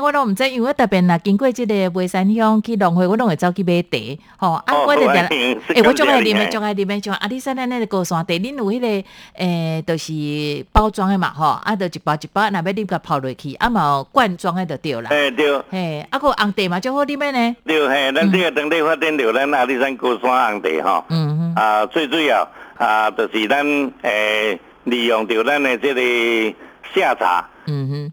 我都唔知，因為我特別啦，經過即個梅山鄉去農會，我都會走去買茶。吼，啊，哦、我、嗯、誒這邊誒，我做喺裏面，做喺裏面，像阿里山那那個高山茶，恁有迄個誒，就是包裝的嘛，吼，啊，就一包一包，那要恁個泡落去，啊，冇罐裝的就掉了。誒，掉。嘿，啊，個紅茶嘛，做喺裏面呢。掉嘿，咱這個當地發展掉，咱阿里山高山紅茶吼。嗯哼。啊，最主要啊，就是咱誒、呃、利用掉咱的這個夏茶。嗯哼。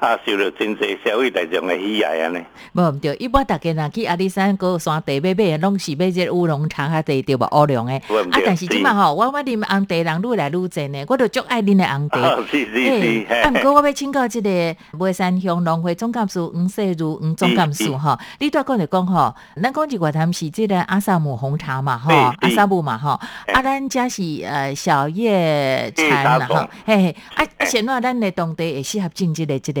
啊，受到真濟，社會大眾嘅喜愛，安尼無毋對，一般逐家若去阿里山嗰個山地，買咩攏是買只烏龍茶啊，地條白烏龍的。啊，但是即嘛吼，我我啉紅茶人愈來愈濟呢，我都足愛啉哋紅茶。啊，毋過是。我要請教即個梅山鄉農會總幹事黃色如黃總幹事吼。呢段講嚟講吼，咱講起話頭是即個阿薩姆紅茶嘛，吼，阿薩姆嘛，吼，啊，咱家是呃小葉茶，哈，嘿，啊，而且呢，咱嘅當地也適合種即個即個。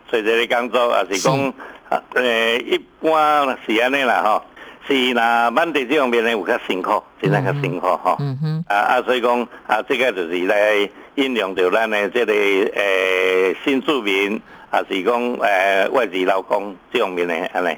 做啲工作，是啊，是講，啊，一般是咁樣啦，吼，是那本地這方面呢，有較辛苦，真係較辛苦，吼。嗯哼啊。啊，所以講，啊，這個就是嚟引領到咱咧、這個，即係誒，新住民，啊，是講，誒、呃，外地老公這方面安尼。